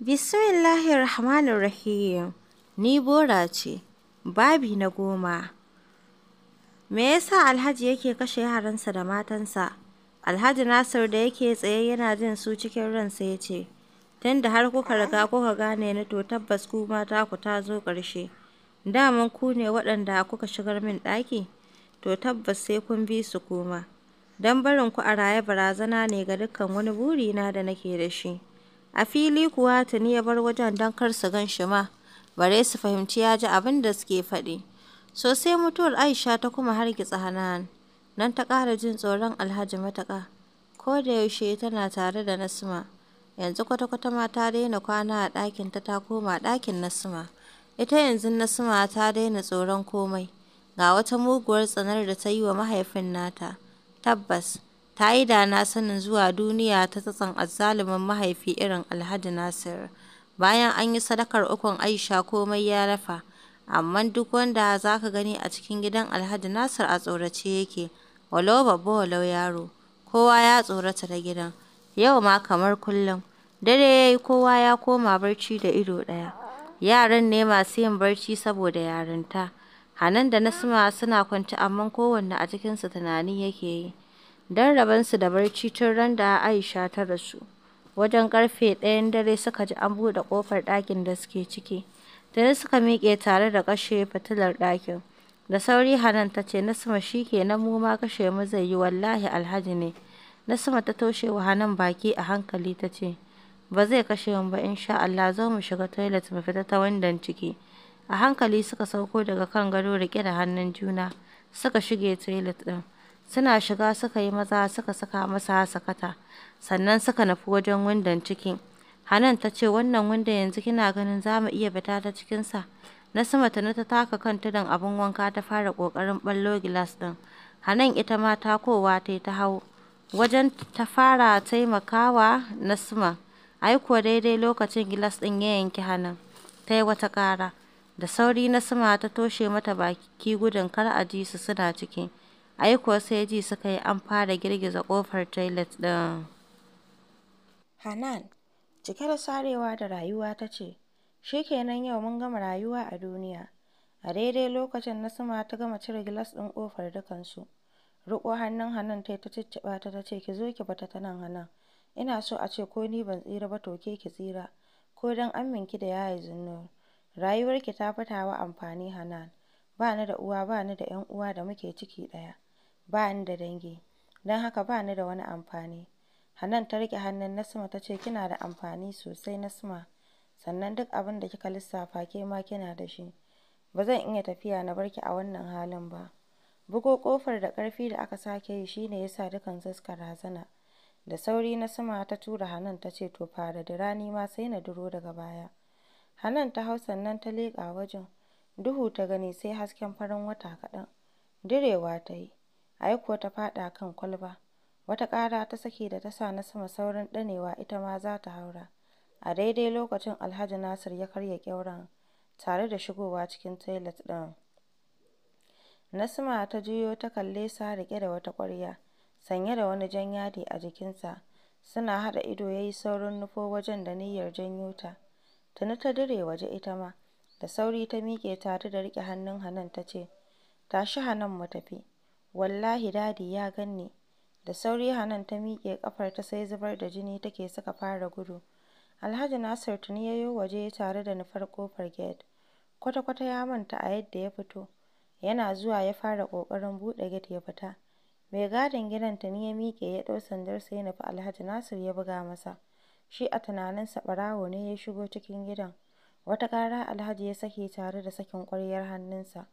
Rahim. Ni Bora ce, babi na goma. Me yasa Alhaji yake kashe yaransa da matansa? Alhaji Nasir da yake tsaye yana jin su cikin ransa ya ce, Tunda har kuka riga kuka gane ni to tabbas ku mata ku ta zo ƙarshe. Daman ku ne waɗanda kuka shigar min ɗaki? To tabbas sai kun bi su kuma. Don barin ku a raye barazana ne ga dukkan wani buri na da nake da shi. A fili kuwa tuni ya bar wajen don kar su gan shi ma, bare su fahimci ya ji abin da suke faɗi. Sosai mutuwar Aisha ta kuma hargitsa Hanahan, nan ta ƙara jin tsoron Alhaji matuka. Ko da yaushe tana tare da Nasma, yanzu kwata-kwata ma ta daina kwana a ɗakinta ta koma ɗakin Nasma. Ita yanzu Nasma ta daina tsoron komai, ga wata muguwar tsanar da ta yi wa mahaifin nata. Tabbas. ta yi da na sanin zuwa duniya ta tsatson azzalumin mahaifi irin Alhaji nasir Bayan an yi sadakar ukun Aisha komai ya rafa, amma duk wanda za ka gani a cikin gidan Alhaji Nasir a tsorace yake, walau babba walau yaro, kowa ya tsorata da gidan. Yau ma kamar kullum, dare ya yi kowa ya koma barci da ido ɗaya. Yaran ne masu yin barci saboda yarinta. Hanan da Nasima suna kwance amma kowanne a cikinsu tunani yake yi. don rabansu da barci tun ran da Aisha ta rasu. Wajen ƙarfe ɗayan dare suka ji an buɗe ƙofar ɗakin da suke ciki. Da Tare suka miƙe tare da kashe fitilar ɗakin. Da sauri Hanan ta ce, Nasima shi ke nan mu ma kashe mu zai yi wallahi alhaji ne. Nasima ta toshe wa Hanan baki a hankali ta ce, Ba zai kashe mu ba insha Allah zo mu shiga toilet mu fita ta wandon ciki. A hankali suka sauko daga kan gado rike da hannun juna suka shige toilet ɗin. Suna shiga suka yi maza suka saka masa sakata, sannan suka nufi wajen windon cikin. Hanan ta ce wannan wanda yanzu kina ganin za mu iya fita ta cikinsa. Na sama ta ta taka kan tudun abin wanka ta fara ƙoƙarin ɓallo gilas ɗin. Hanan ita ma ta kowa, ta ta hau. Wajen ta fara taimakawa na sama. Ai kuwa daidai lokacin gilas ɗin ya yanki Hanan. Ta yi wata ƙara. Da sauri na sama ta toshe mata baki gudun kar a ji su suna cikin. Ai kuwa sai ji suka yi an fara girgiza ƙofar toilet ɗin. Hanan, cike da sarewa da rayuwa ta ce, shi kenan yau mun gama rayuwa a duniya. A daidai lokacin na sama ta gama cire gilas ɗin ƙofar dukansu. Riƙo hannun hannun ta yi ta cicciɓa ta ta ce, ki zo ki bata ta nan hannun, Ina so a ce ko ni ban tsira ba to ke ki tsira. Ko don aminki da yaya zinno, Rayuwarki ta fi tawa amfani Hanan. Ba ni da uwa ba ni da 'yan uwa da muke ciki ɗaya. Ba ni da dangi, don haka ba ni da wani amfani. Hannun ta riƙe hannun Nasma ta ce, Kina da amfani sosai Nasma, sannan duk abin da kika lissafa ke ma kina da shi. Ba zan iya tafiya na barki a wannan halin ba. Bugo ƙofar da karfi da aka sake yi shi ne ya sa razana. Da sauri na sama ta tura hannun ta ce, To fara da rani ma sai na duro daga baya. Hannun ta hau sannan ta leƙa wajen. Duhu ta gani sai hasken farin wata kaɗan. Direwa ta yi. a yi kuwa ta faɗa kan kwalba, wata ƙara ta saki da ta sa na sama saurin ɗanewa ita ma za ta haura, a daidai lokacin Alhaji Nasir ya karya ƙyauren tare da shigowa cikin toilet ɗin. Nasma ta juyo ta kalle sa riƙe da wata kwarya sanye da wani jan yadi a jikinsa, suna haɗa ido ya yi saurin nufo wajen da niyyar janyo ta, tuni ta dire waje ita ma, da sauri ta miƙe tare da riƙe hannun Hanan ta ce, Tashi Hanan mu tafi. Wallahi Dadi ya ganni. Da sauri Hanan ta miƙe ta sai zubar da jini take suka fara gudu. Alhaji Nasir tuni yayo waje tare da nufar kofar gate. Kwata-kwata ya manta a yadda ya fito. Yana zuwa ya fara ƙoƙarin buɗe gate ya fita. Mai gadin gidan ni ya miƙe ya ɗau sandarsa ya nufi Alhaji Nasir ya buga masa. Shi a tunaninsa ɓarawo ne ya shigo cikin gidan. Wata ƙara Alhaji ya saki tare da sakin ƙwaryar hannunsa.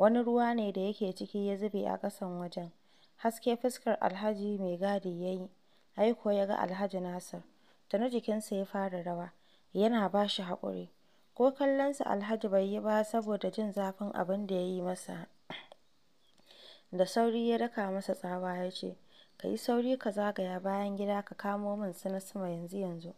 Wani ruwa ne da yake ciki ya zube a ƙasan wajen. Haske fuskar Alhaji mai gadi ya yi, Aiko ya ga Alhaji Nasir. Tuni jikinsa ya fara rawa, yana ba shi haƙuri. Ko kallonsa Alhaji bai yi ba saboda jin zafin abin da ya yi masa. Da sauri ya daka masa tsawa ya ce, “Ka yi sauri ka zagaya bayan gida ka kamo min su sama yanzu-yanzu,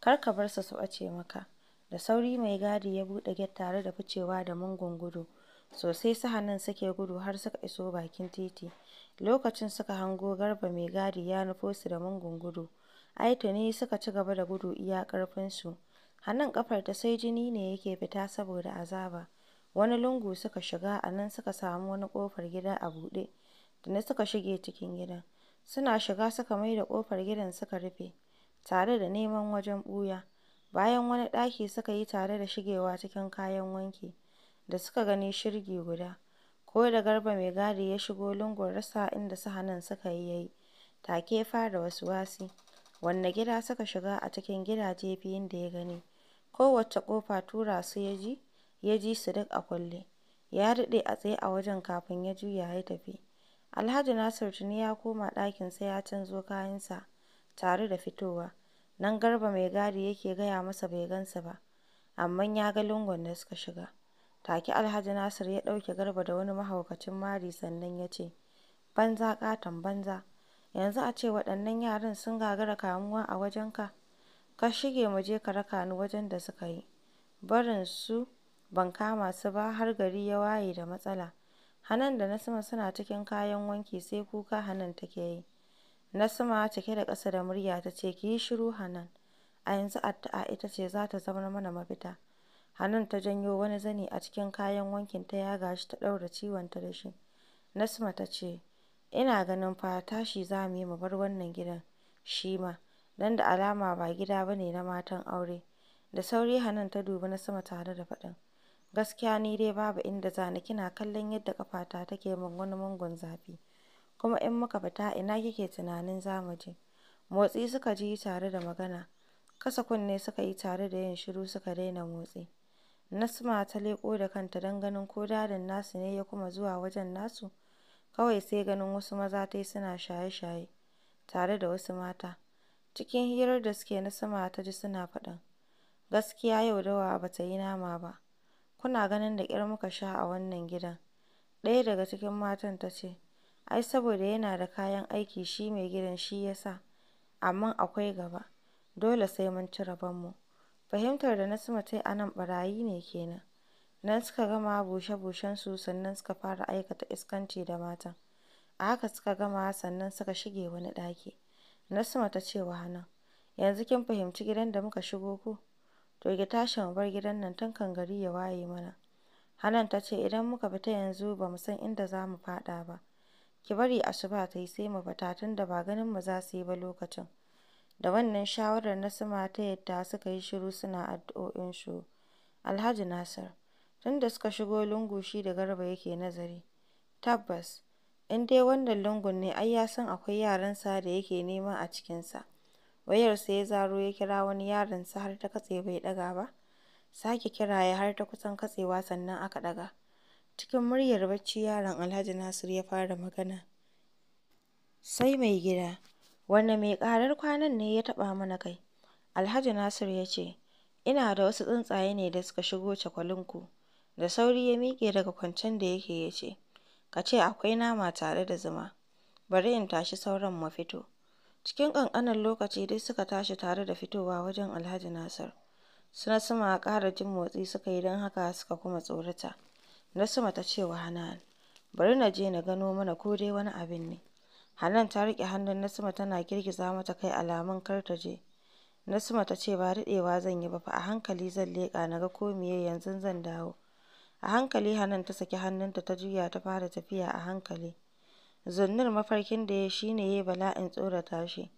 kar ka bar su su ɓace maka.” Da sauri mai gadi ya buɗe get tare da ficewa da mungun gudu. Sosai sahannin suke gudu har suka iso bakin titi, lokacin suka hango Garba mai gadi ya nufo su da mungun gudu, ai tuni suka ci gaba da gudu iya su hannun ƙafarta sai jini ne yake fita saboda azaba, wani lungu suka shiga a nan suka samu wani kofar gida a buɗe, na suka shige cikin gidan, suna shiga suka mai da kofar gidan suka rufe, tare da neman wajen buya bayan wani daki suka yi tare da shigewa cikin kayan wanki. da suka gani shirgi guda, ko da Garba mai gadi ya shigo lungun rasa inda sahanan suka yi ya yi, take fara wasu wasi wanne gida suka shiga a cikin gidaje biyun da ya gani, kowacce ƙofa tura su ya ji, ya ji su duk a kulle, ya daɗe a tsaye a wajen kafin ya juya ya tafi. Alhaji Nasir tuni ya koma ɗakin ɗakinsa ya canzo kayansa tare da fitowa, nan Garba mai gadi yake gaya masa bai gansa ba, amma ya ga lungun da suka shiga. taki Alhaji Nasir ya ɗauke Garba da wani mahaukacin mari sannan ya ce, Banza ƙaton banza, yanzu a ce waɗannan yaran sun gagara kamuwa a wajenka, ka shige mu je ka raka ni wajen da suka yi, barin su ban kama su ba har gari ya waye da matsala. Hanan da Nasima suna cikin kayan wanki sai kuka Hanan take yi. Nasima cike da ƙasa da murya ta ce ki yi shiru Hanan, a yanzu addu'a ita ce za ta zama mana mafita. Hannun ta janyo wani zani a cikin kayan wankin ta yaga shi ta ciwon ciwonta da shi. Nasma ta ce, "Ina ganin fa tashi za mu yi mu bar wannan gidan shi ma, don da alama ba gida ba ne na matan aure." Da sauri Hannun ta dubi na sama tare da faɗin, "Gaskiya ni dai babu inda za kina kallon yadda kafata take min wani mungun zafi, kuma in muka fita ina kike tunanin za mu je?" Motsi suka ji tare da magana, kasa kunne suka yi tare da yin shiru suka daina motsi. Nasma ta leƙo da kanta don ganin ko dadin nasu ne ya kuma zuwa wajen nasu, kawai sai ganin wasu maza ta yi suna shaye-shaye tare da wasu mata, cikin hirar da suke Nasma ta ji suna faɗin, "Gaskiya yau dawa ba ta yi nama ba, kuna ganin da ƙyar muka sha a wannan gidan," ɗaya daga cikin matan ta ce, "Ai saboda yana da kayan aiki shi mai gidan shi ya sa, amma akwai gaba, dole sai mun ci rabonmu." Fahimtar da Nasima ta yi anan barayi ɓarayi ne kenan nan, suka gama bushe-bushensu sannan suka fara aikata iskanci da matan, a haka suka gama sannan suka shige wani ɗaki, Nasima ta ce wa Hanan, "Yanzu kin fahimci gidan da muka shigo ku? To ki tashi mu bar gidan nan tun kan gari ya waye mana." Hanan ta ce, "Idan muka fita yanzu ba mu san inda za mu faɗa ba, ki bari asuba ta yi sai mu fita tunda ba ganin mu za su yi ba lokacin." Da wannan shawarar na sama ta yadda suka yi shiru suna addu'o'insu, Alhaji Nasir, Tunda suka shigo lungu shi da Garba yake nazari, tabbas, in dai wannan lungun ne ai ya san akwai yaransa da yake nema a cikinsa, wayarsa ya zaro ya kira wani yaron sa har ta katse bai daga ba, sake kira ya har ta kusan katsewa sannan aka daga. cikin muryar bacci yaron Alhaji Nasir ya fara magana, sai mai gida. Wanne mai karar kwanan ne ya taɓa mana kai? Alhaji Nasir ya ce, Ina da wasu tsuntsaye ne da suka shigo cakwalinku. Da sauri ya miƙe daga kwancen da yake ya ce, Ka ce akwai nama tare da zuma. Bari in tashi sauran mu fito. Cikin ƙanƙanin lokaci dai suka tashi tare da fitowa wajen Alhaji Nasir. Su a ƙara jin motsi suka yi don haka suka kuma tsorata. Na suma ta ce wa Hanahan, Bari na je na gano mana ko dai wani abin ne. Hannan ta rike hannun Nasima tana girgiza mata kai alamun kar ta je. Nasima ta ce ba daɗewa zan yi ba fa a hankali zan leƙa na ga ko meye yanzu zan dawo. A hankali Hannun ta saki hannunta ta juya ta fara tafiya a hankali. Zunnur mafarkin da ya shine shi ne ya bala'in tsorata shi.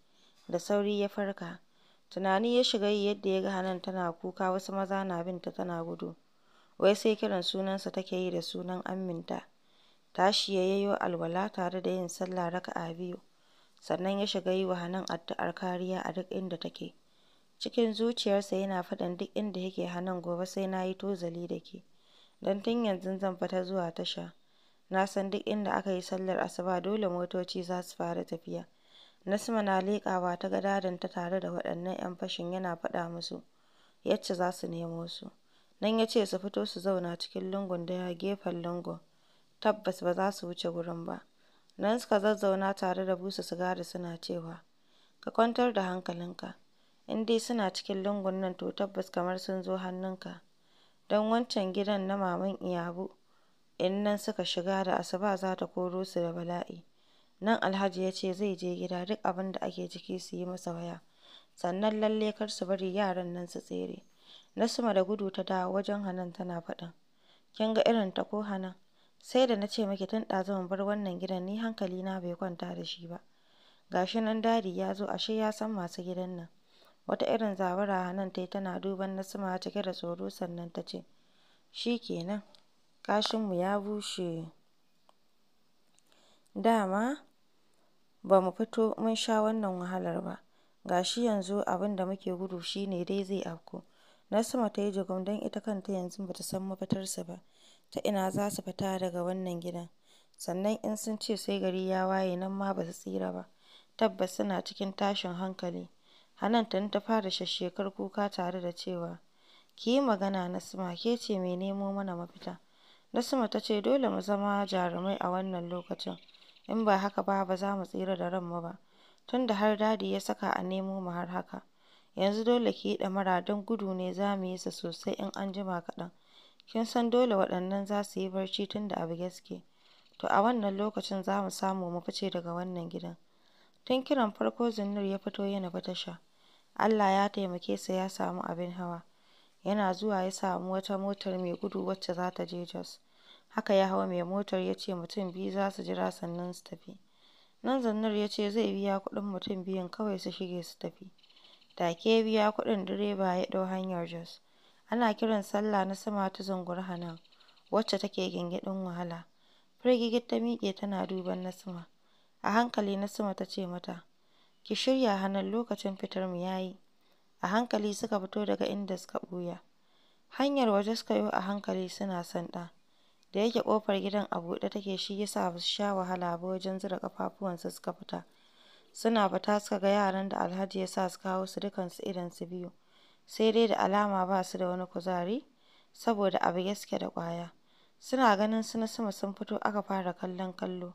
Da sauri ya farka. Tunani ya shiga yi yadda ya ga Hannun tana kuka wasu maza na binta tana gudu. Wai sai kiran sunansa take yi da sunan aminta. tashi ya alwala tare da yin sallah raka'a biyu, sannan ya shiga yi wa Hannun addu'ar kariya a duk inda take. Cikin zuciyarsa yana faɗan duk inda yake Hannun gobe sai na yi tozali da ke, don tun yanzu zan fita zuwa tasha. Na san duk inda aka yi sallar asuba dole motoci za su fara tafiya. Nasima na leƙawa ta ga ta tare da waɗannan 'yan fashin yana faɗa musu yacce za su nemo su. Nan ya ce su fito su zauna cikin lungun daya gefen lungun. tabbas ba za su wuce gurin ba. Nan suka zazzauna tare da busa sigari suna cewa, "Ka kwantar da hankalinka, in dai suna cikin lungun nan to tabbas kamar sun zo hannunka, don wancan gidan na Maman Iyabu in nan suka shiga da asuba za ta koro su da bala'i." Nan Alhaji ya ce zai je gida duk abin da ake ciki su yi masa waya, sannan lalle kar su bari yaran nan su tsere. Nasma da gudu ta dawo wajen Hanan tana faɗin, "Kin ga irin ta ko Hanan? Sai da na ce miki tun ɗazu mu bar wannan gidan ni na bai kwanta da shi ba. gashi nan Dadi ya zo ashe ya san masu gidan nan. Wata irin zabara Hanan ta yi tana duban suma cike da tsoro sannan ta ce, shi kenan nan, kashinmu ya bushe. dama ba mu fito mun sha wannan wahalar ba, gashi yanzu abin da muke gudu shine dai zai afku. Nasima ta yi jigon don ita kanta yanzu bata ta san mafitarsu ba. ta ina za su fita daga wannan gidan, sannan in sun ce sai gari ya waye nan ma ba su tsira ba, tabbas suna cikin tashin hankali. Hanan tuni ta fara shashshekar kuka tare da cewa, ki yi magana Nasma ke ce mai nemo mana mafita. Nasma ta ce dole mu zama jarumai a wannan lokacin, in ba haka ba ba za mu tsira da ranmu ba, tunda har dadi ya saka a nemo mu har haka. Yanzu dole ki yi ɗamara don gudu ne za mu yi sa sosai in an jima kaɗan. Kin san dole waɗannan za su yi barci tun da abu gaske to a wannan lokacin za mu samu mu fice daga wannan gidan. Tun kiran farko Zunnur ya fito yana nufi tasha. Allah ya taimake sa ya samu abin hawa. Yana zuwa ya samu wata motar mai gudu wacce za ta je Jos. Haka ya hau mai motar ya ce mutum biyu za su jira sannan su tafi. Nan zannar ya ce zai biya kuɗin mutum biyun kawai su shige su tafi. Take biya kuɗin direba ya ɗau hanyar Jos. Ana kiran sallah na sama ta "Zungurahwan" wacce take gingidin wahala. Firgigit ta miƙe tana duban na sama A hankali na sama ta ce mata, "Ki shirya hannun lokacin fitar mu yayi A hankali suka fito daga inda suka buya. Hanyar waje suka yi a hankali suna sanda. Da yake ƙofar gidan a buɗe take shi ya sa ba su sha wahala ba wajen zura ƙafafuwansu suka fita. Suna fita suka ga yaran da Alhaji ya sa suka hau su dukansu su biyu. sai dai da alama ba su da wani kuzari saboda abu ya suke da kwaya. Suna ganin su na sama sun fito aka fara kallon kallo.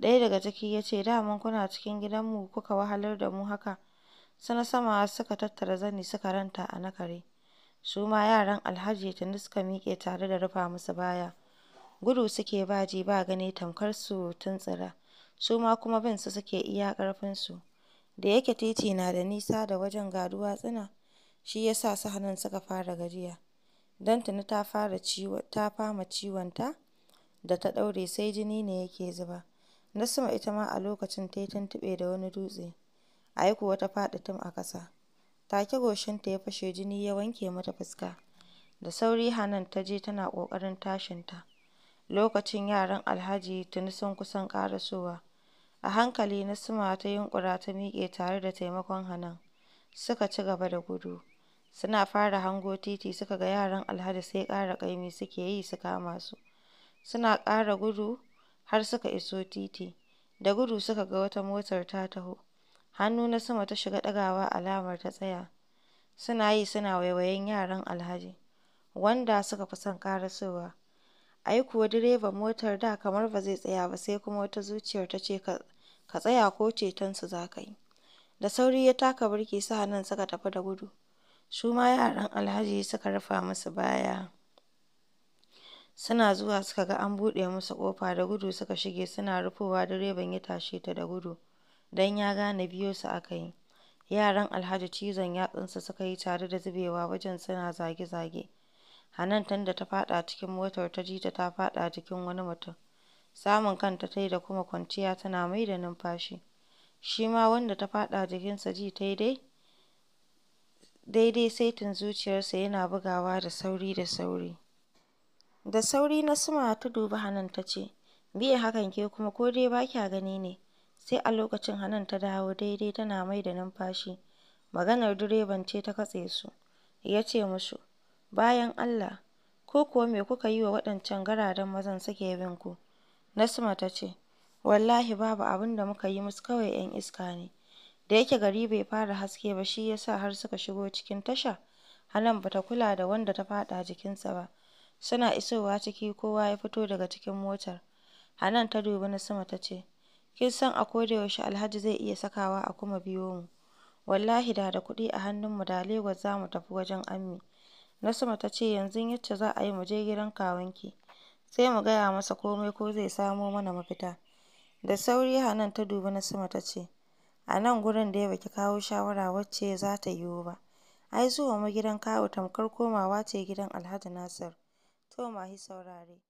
Ɗaya daga ciki ya ce, daman kuna cikin gidanmu kuka wahalar da mu haka. Su na sama suka tattara zani suka ranta a nakare. Su ma yaran Alhaji ta suka miƙe tare da rufa musu baya. Gudu suke baji ba gani tamkar su tun tsira Su ma kuma bin su suke iya ƙarfinsu. Da yake titi na da nisa da wajen gaduwa tsina. shi ya sa su Hanan suka fara gajiya, don tuni ta fama ciwonta da ta ɗaure sai jini ne yake zuba. Nasma ita ma a lokacin ta yi tuntuɓe da wani dutse, A yi kuwa ta faɗi tum a ƙasa. Ta Take goshinta ya fashe jini ya wanke mata fuska. Da sauri hannun ta je tana ƙoƙarin tashinta. Lokacin yaran Alhaji tuni sun kusan ƙarasowa. A hankali Nasma ta yunƙura ta miƙe tare da taimakon hannun. suka ci gaba da gudu. Suna fara hango titi suka ga yaran Alhaji sai ƙara ƙaimi suke yi su kama su, suna ƙara gudu har suka iso titi, da gudu suka ga wata motar ta taho, hannu na sama ta shiga ɗagawa alamar ta tsaya, suna yi suna waiwayen yaran Alhaji, wanda suka fi son ƙarasowa, ai kuwa direban motar da kamar ba zai tsaya ba sai kuma wata zuciyar ta ce ka tsaya ko cetonsu za ka yi, da sauri ya taka birki nan suka tafi da gudu. Su ma yaran Alhaji suka rufa musu baya, suna zuwa suka ga an buɗe musu ƙofa, da gudu suka shige, suna rufowa direban ya tashe ta da gudu don ya gane biyo su aka yi. Yaran Alhaji cizon yatsunsa suka yi tare da zubewa wajen suna zage-zage. Hanan tun da ta faɗa cikin motar ta ji ta ta faɗa jikin wani mutum, samun kanta ta yi da kuma kwanciya tana mai da numfashi. Shi ma wanda ta faɗa jikinsa ji ta yi dai daidai saitin zuciyarsa yana bugawa da sauri da sauri. Da sauri na suma ta dubi hannun ta ce, Biye hakan ke kuma ko dai ba kya gani ne. Sai a lokacin hannun ta dawo daidai tana mai da numfashi. Maganar direban ce ta katse su. Ya ce musu, Bayan Allah, ko kuwa me kuka yi wa waɗancan gararen mazan suke bin ku? Nasma ta ce, Wallahi babu abin da muka yi musu kawai ‘yan iska ne. Da yake gari bai fara haske ba shi ya sa har suka shigo cikin tasha, halan bata kula da wanda ta faɗa jikinsa ba, suna isowa ciki kowa ya fito daga cikin motar, hanan ta dubi na sama ta ce, “Kin san a koda yaushe Alhaji zai iya sakawa a kuma biyo mu, wallahi da da kuɗi a hannun mu da Lagos za mu tafi wajen Ammi.” sama ta ce, “Yanzu yacce za a yi mu je gidan kawunki, sai mu gaya masa komai ko zai samo mana mafita.” Da sauri hanan ta dubi na sama ta ce. A nan gurin da ya baki kawo shawara wacce za ta yiwu ba, ai zuwa mu gidan kawu tamkar komawa ce gidan Alhaji Nasir. To mahi saurare.